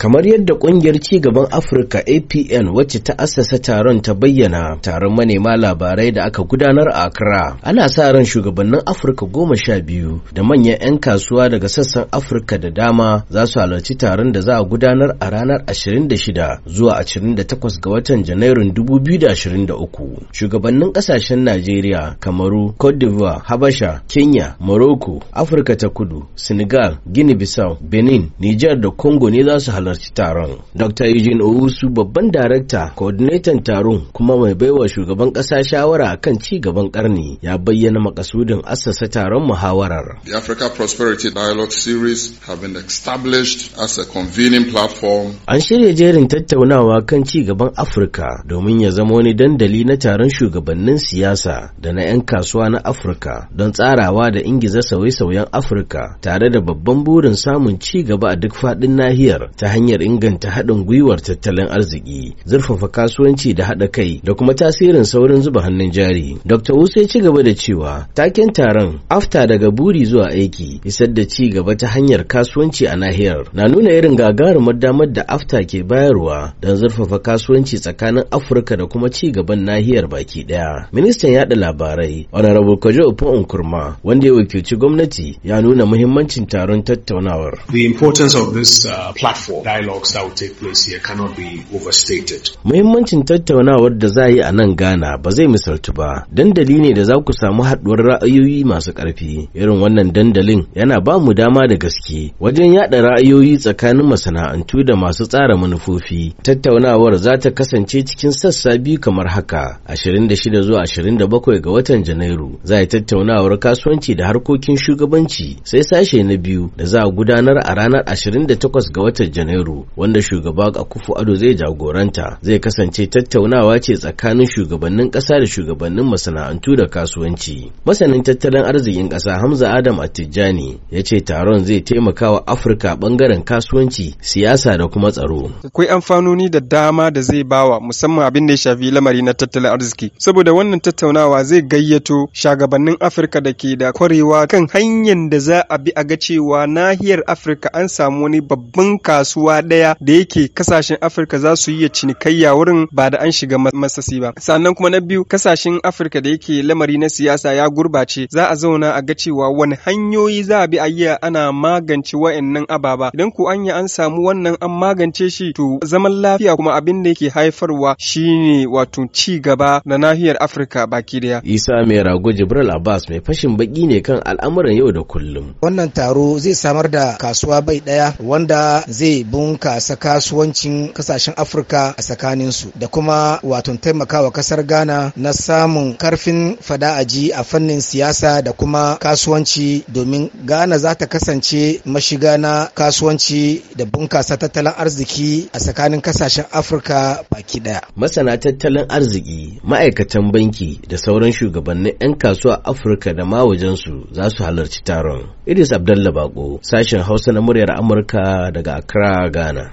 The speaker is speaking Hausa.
Kamar yadda kungiyar gaban Afirka APN wacce ta assasa taron ta bayyana taron manema labarai da aka gudanar a Accra, ana sa ran shugabannin Afirka goma sha biyu da manyan 'yan kasuwa daga sassan Afirka da dama za su halarci taron da za a gudanar a ranar 26 zuwa 28 ga watan Janairun 2023. Shugabannin ƙasashen Najeriya, Kamaru, Cote d'Ivoire, Habasha, Kenya, Morocco, Afirka ta Kudu, Senegal, Guinea-Bissau, Benin, Niger da Congo ne za su halarci taron. Dr. Eugene Owusu babban darakta, coordinator taron kuma mai baiwa shugaban ƙasa shawara a kan ci gaban ƙarni ya bayyana makasudin assasa taron muhawarar. The Africa Prosperity Dialogue Series have been established as a convening platform. An shirya jerin tattaunawa kan ci gaban Afirka domin ya zama wani dandali na taron shugabannin siyasa da na 'yan kasuwa na Afirka don tsarawa da ingiza sauye-sauyen Afirka tare da babban burin samun ci gaba a duk faɗin nahiyar ta hanyar inganta haɗin gwiwar tattalin arziki zurfafa kasuwanci da haɗa kai da kuma tasirin saurin zuba hannun jari dr wuse ci gaba da cewa taken taron afta daga buri zuwa aiki isar da ci gaba ta hanyar kasuwanci a nahiyar na nuna irin gagarumar damar da afta ke bayarwa don zurfafa kasuwanci tsakanin afirka da kuma ci gaban nahiyar baki ɗaya ministan yaɗa labarai honorable kojo unkurma wanda ya wakilci gwamnati ya nuna muhimmancin taron tattaunawar the importance of this uh, platform dialogues that will take place here cannot be overstated. Muhimmancin tattaunawar da za a yi a nan Ghana ba zai misaltu ba. Dandali ne da za ku samu haɗuwar ra'ayoyi masu ƙarfi. Irin wannan dandalin yana ba mu dama da gaske wajen yaɗa ra'ayoyi tsakanin masana'antu da masu tsara manufofi. Tattaunawar za ta kasance cikin sassa biyu kamar haka: 26 zuwa 27 ga watan Janairu za a yi tattaunawar kasuwanci da harkokin shugabanci sai sashe na biyu da za a gudanar a ranar 28 ga watan Janairu. Bayero wanda shugaba kufu Ado zai jagoranta zai kasance tattaunawa ce tsakanin shugabannin kasa da shugabannin masana'antu da kasuwanci. Masanin tattalin arzikin kasa Hamza Adam Attijani ya ce taron zai taimaka wa Afirka bangaren kasuwanci, siyasa da kuma tsaro. Akwai amfanoni da dama da zai bawa musamman abin da ya shafi lamari na tattalin arziki. Saboda wannan tattaunawa zai gayyato shagabannin Afirka da ke da kwarewa kan hanyar da za a bi a ga cewa nahiyar Afirka an samu wani babban kasuwa ruwa ɗaya da yake kasashen Afirka za su iya cinikayya wurin ba da an shiga masasi ba. Sannan kuma na biyu kasashen Afirka da yake lamari na siyasa ya gurbace za a zauna a ga cewa wani hanyoyi za a bi a yi ana magance wa'annan ababa. Idan ku anya an samu wannan an magance shi to zaman lafiya kuma abin da yake haifarwa shine wato ci gaba na nahiyar Afirka baki daya. Isa mai rago Jibril Abbas mai fashin baki ne kan al'amuran yau da kullum. Wannan taro zai samar da kasuwa bai ɗaya, wanda zai bunkasa kasuwancin kasashen afirka a tsakaninsu da kuma waton taimakawa kasar ghana na samun karfin fada'aji a fannin siyasa da kuma kasuwanci domin ghana za ta kasance mashiga na kasuwanci da bunkasa tattalin arziki a tsakanin kasashen afirka baki daya masana tattalin arziki ma'aikatan banki da sauran shugabannin 'yan kasuwa afirka da ma wajensu za su halarci taron idris abdallah bako sashen hausa na muryar amurka daga accra gana. Ghana.